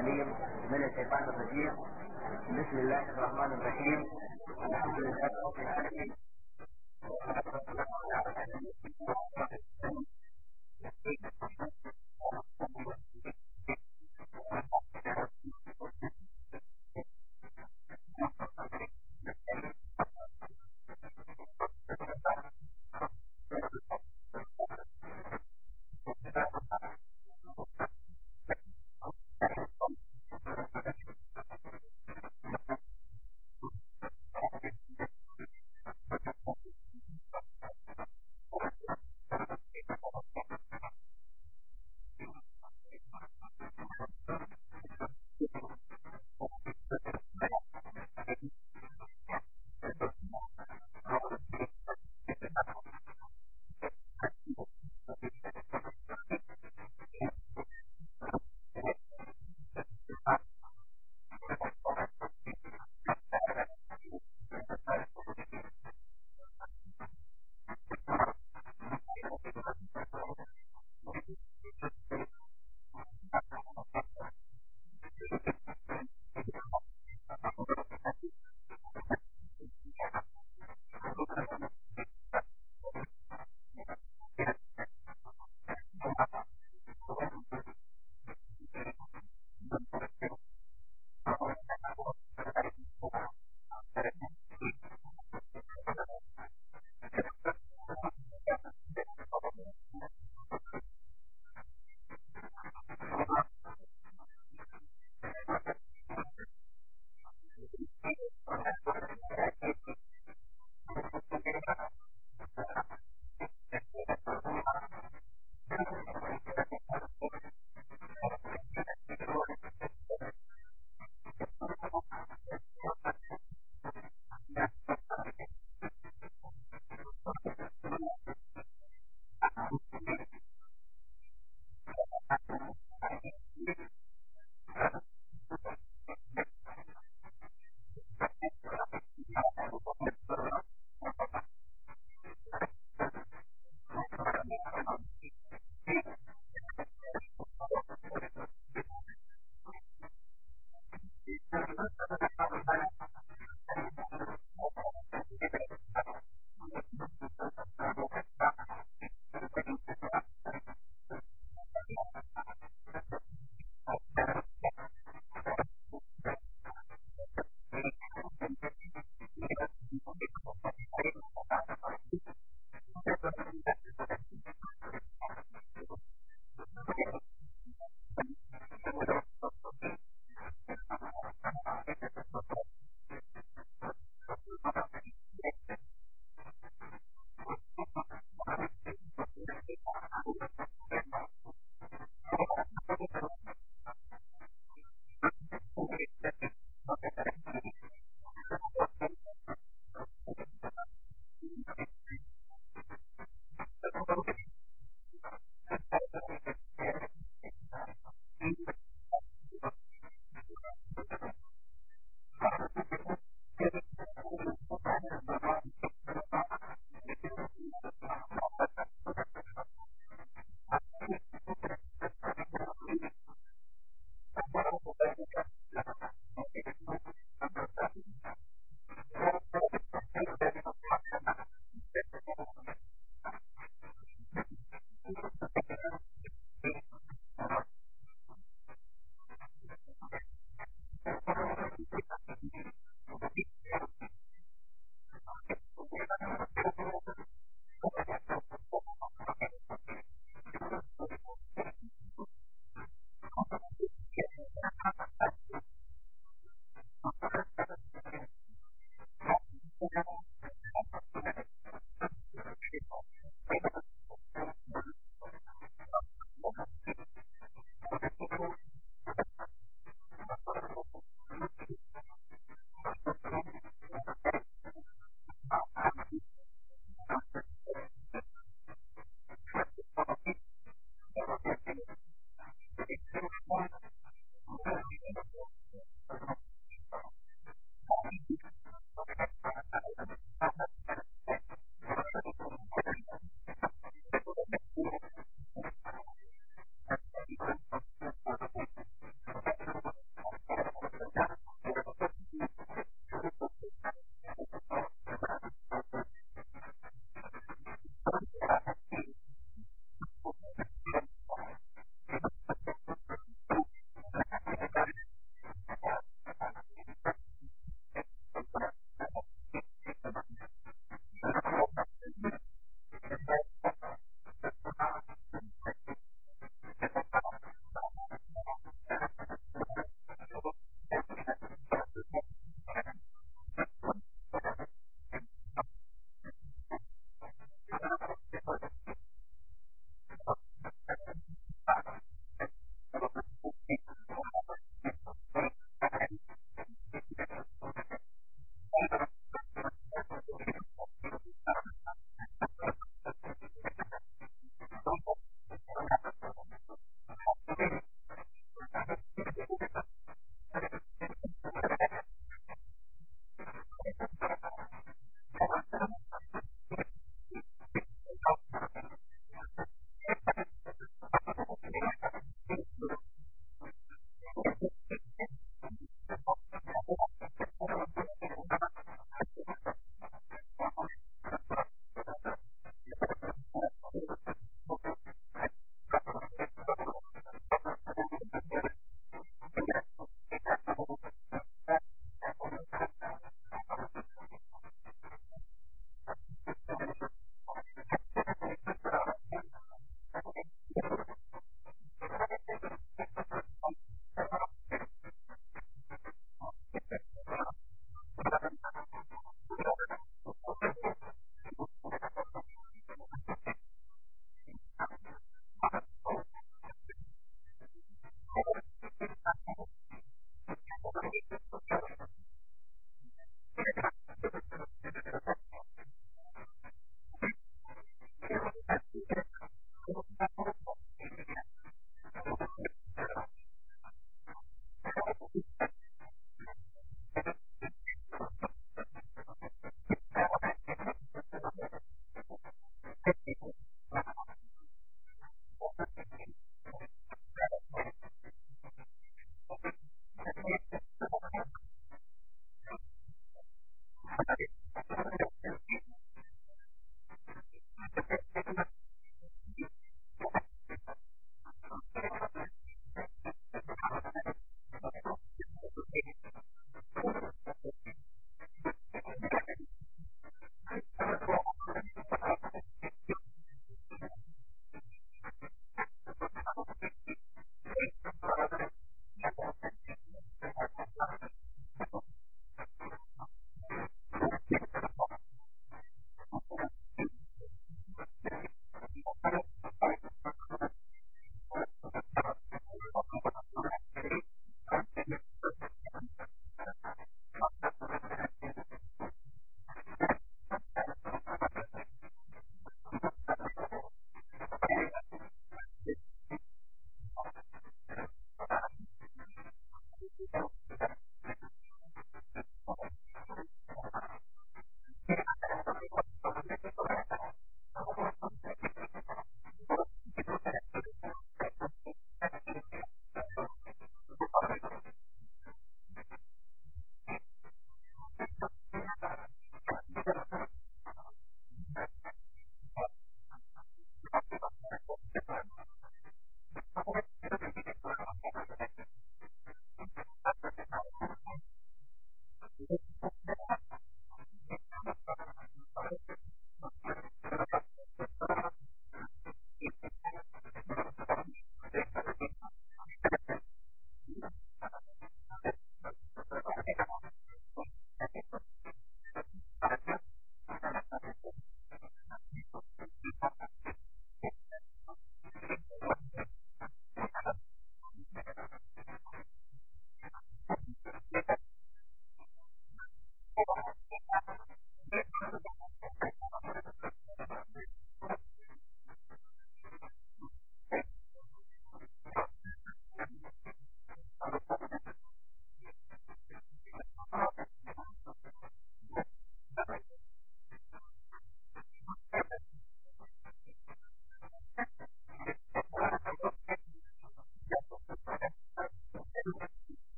العليم من الشيطان الرجيم بسم الله الرحمن الرحيم الحمد لله رب العالمين وصحبه وسلم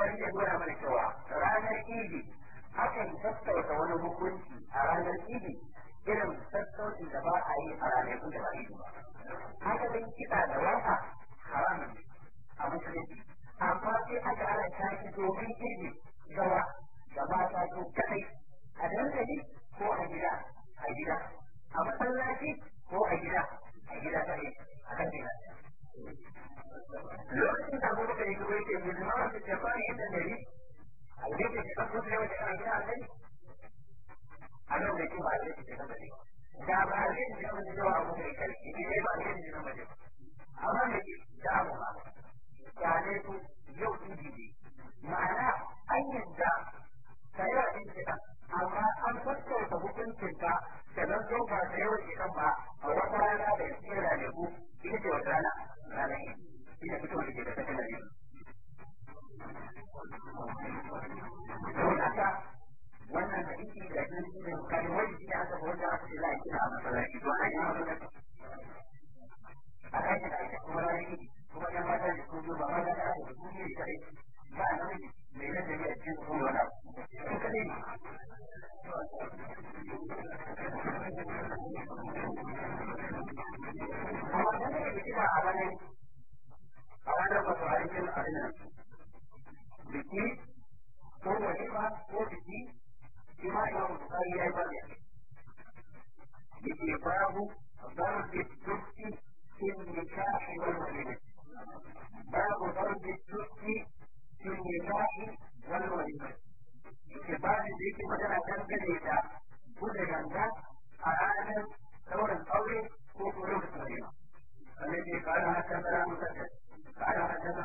wani zai nuna mana cewa ranar idi akan sassauta wani hukunci a ranar idi irin sassautin da ba a yi a ranar da ba idi ba haka zai kiɗa da wata haramun a musulunci amma sai aka ana tashi domin idi gawa da ta su kadai a dandali ko a gida a gida a masallaci ko a gida a gida kaɗai a kan gida lokacin da abubakar ya kuma yake musulman zai ce kan kusa yawan da gina a nan da ba zai ce kan bane da ba zai abu mai karfi ne ba zai ce kan bane amma da ke damu ba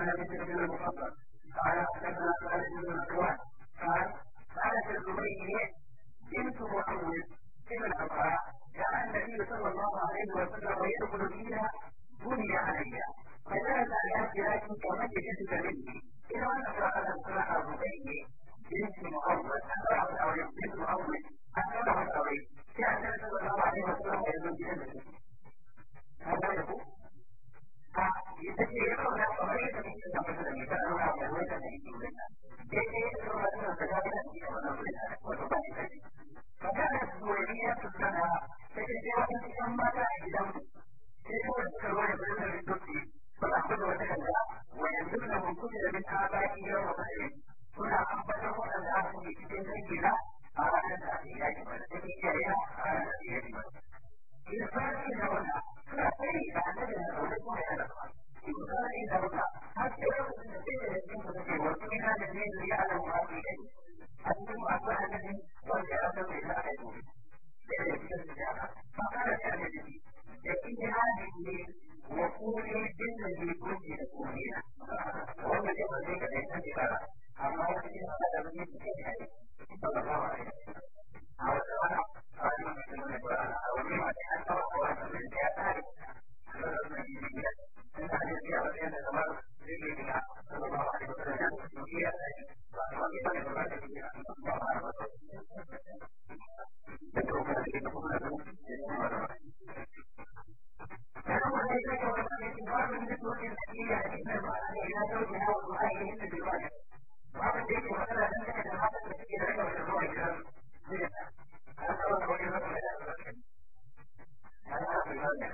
على ذكر الله المحرم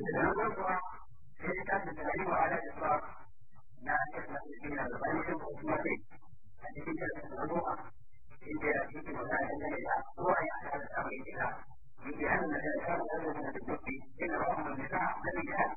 لو وقع شركة تتعين على الإطلاق مع شركة من الغني الخصومي التي تمتلك العبوة إذا يمكن أن يعملها هو يحتاج الأمر إليها لأن الإنسان الذي يتبقي إنما هو النفاق بالإجهاد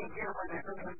don't care what they're doing.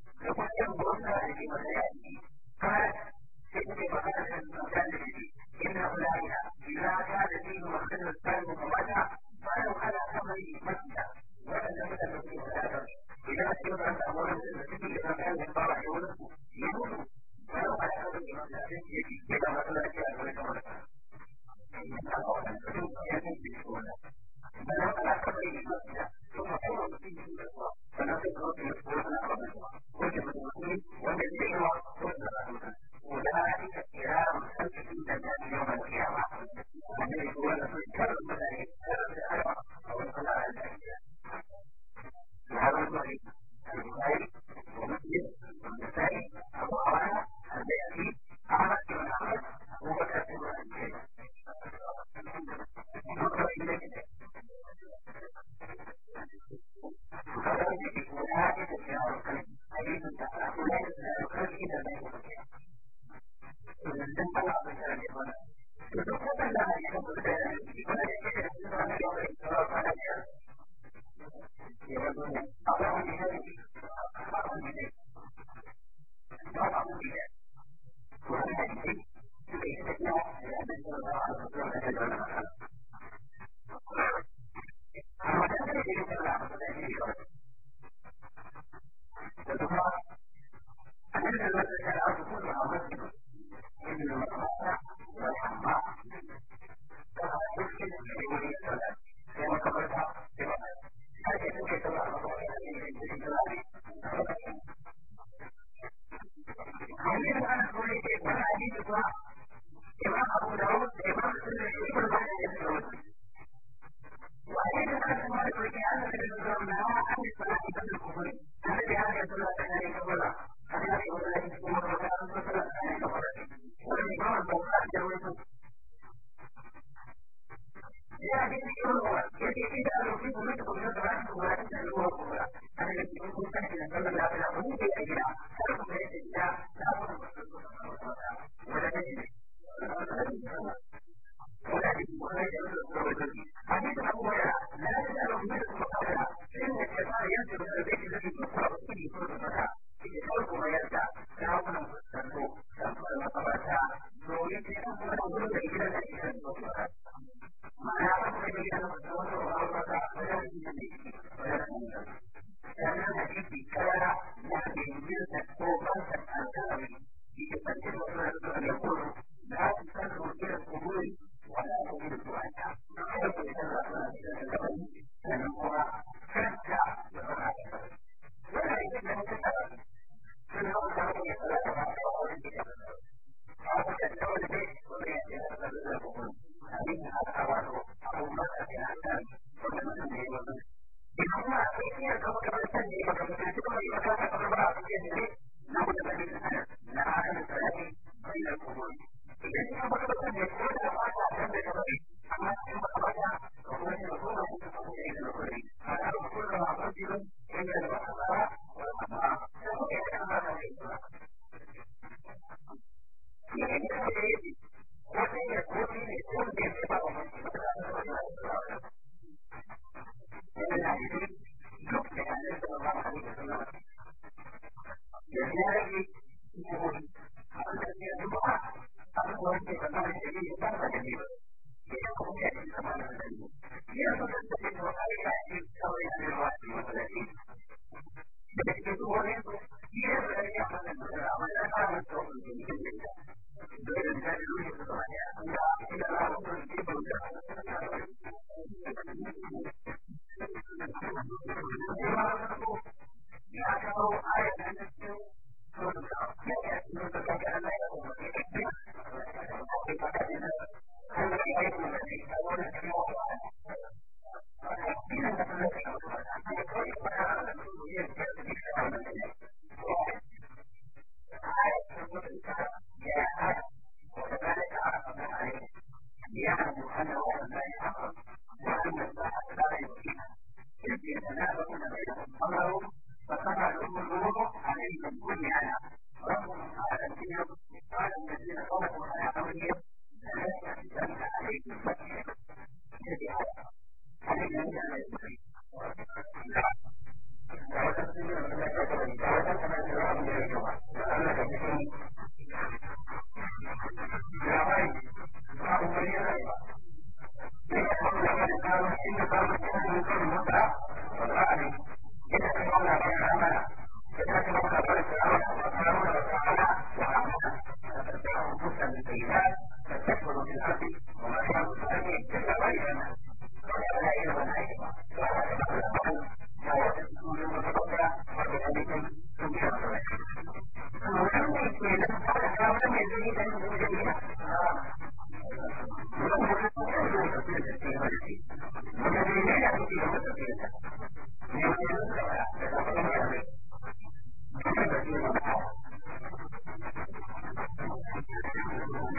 لأن الذي ذكرناه أن الصلاة بين الكفرين Yeah.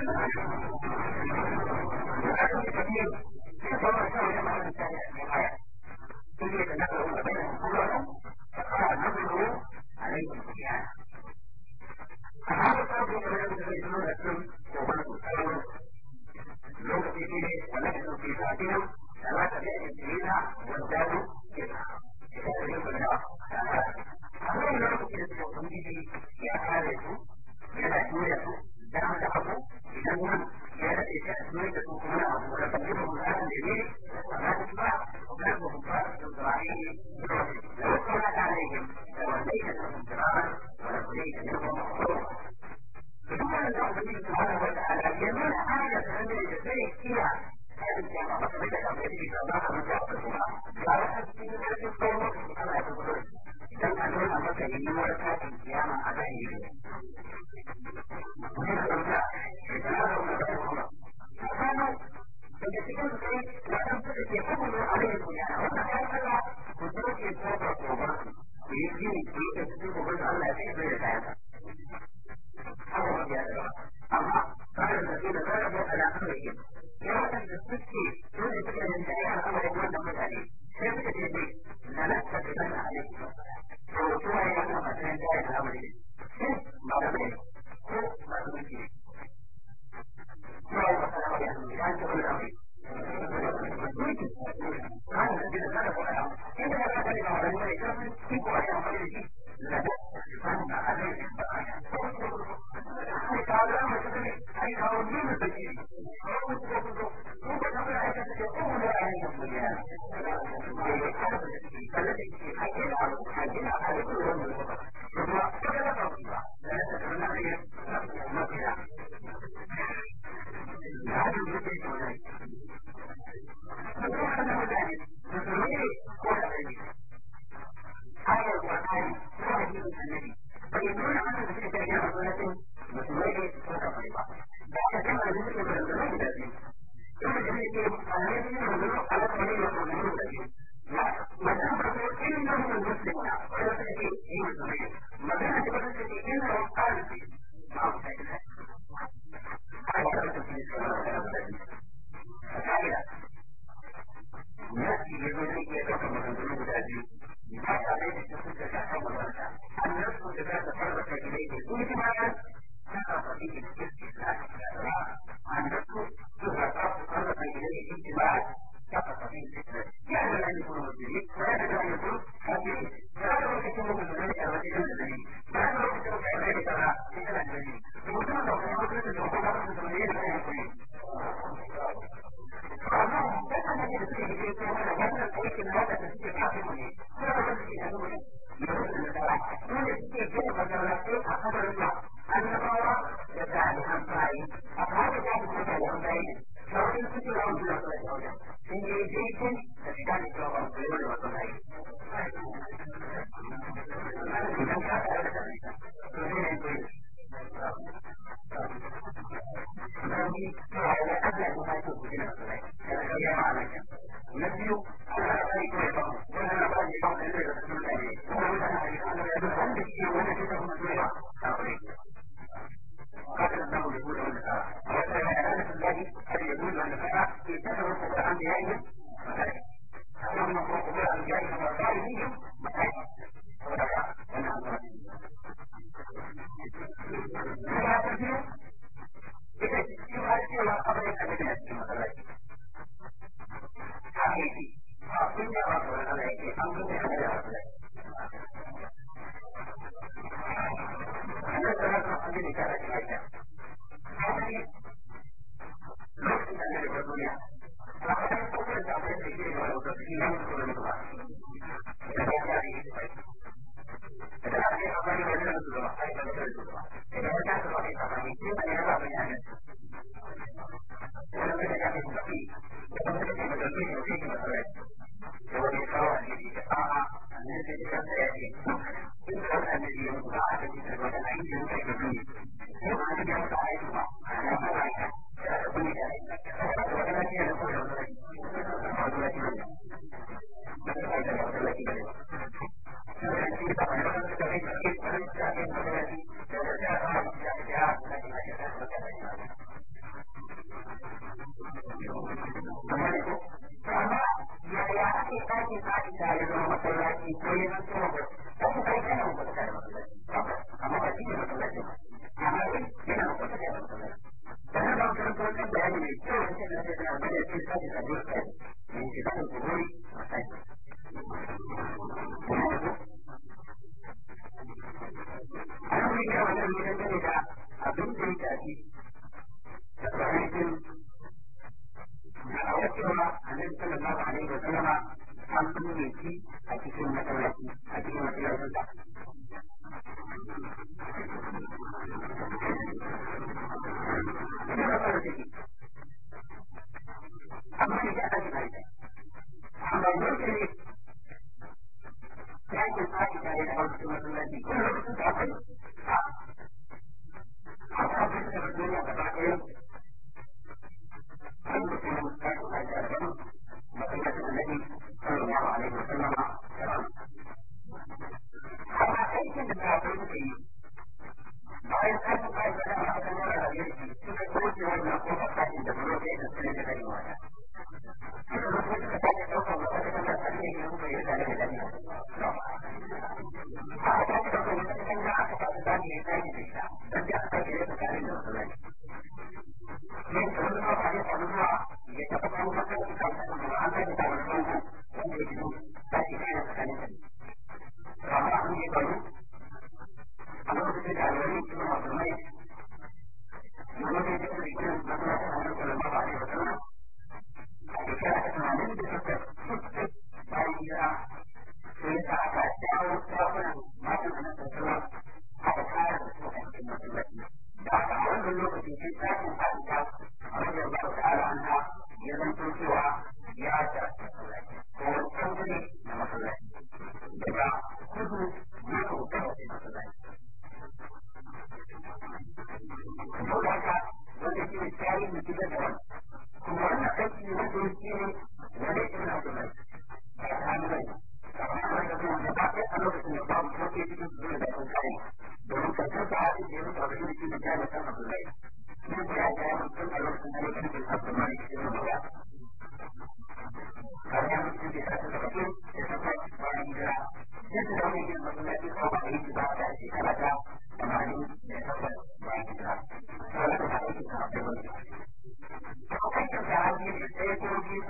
Thank you.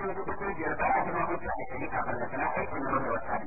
na dubu biyar ba a zama hujja da kuma ba da sana'a aikin da wanda wata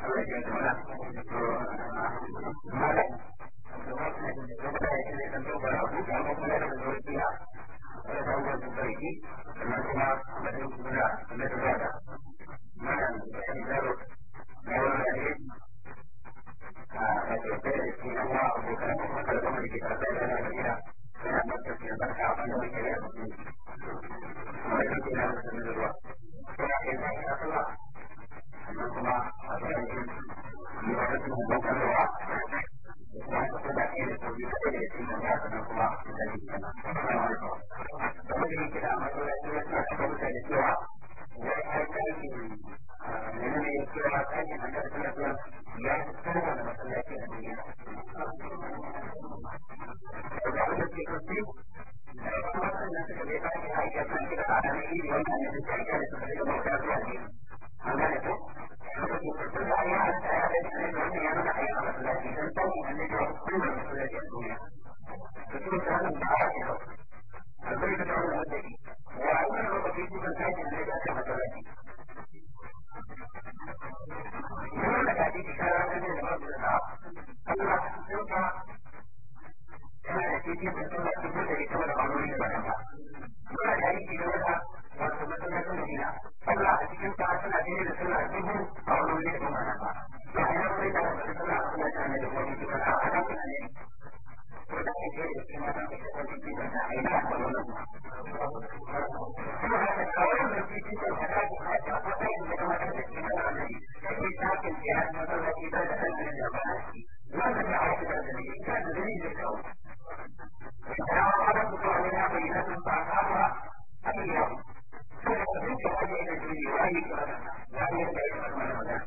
ಮಾಡಿ ಕೇಳ್ತಾರೆ wajen da ke yi wani wani da ya fara mana magana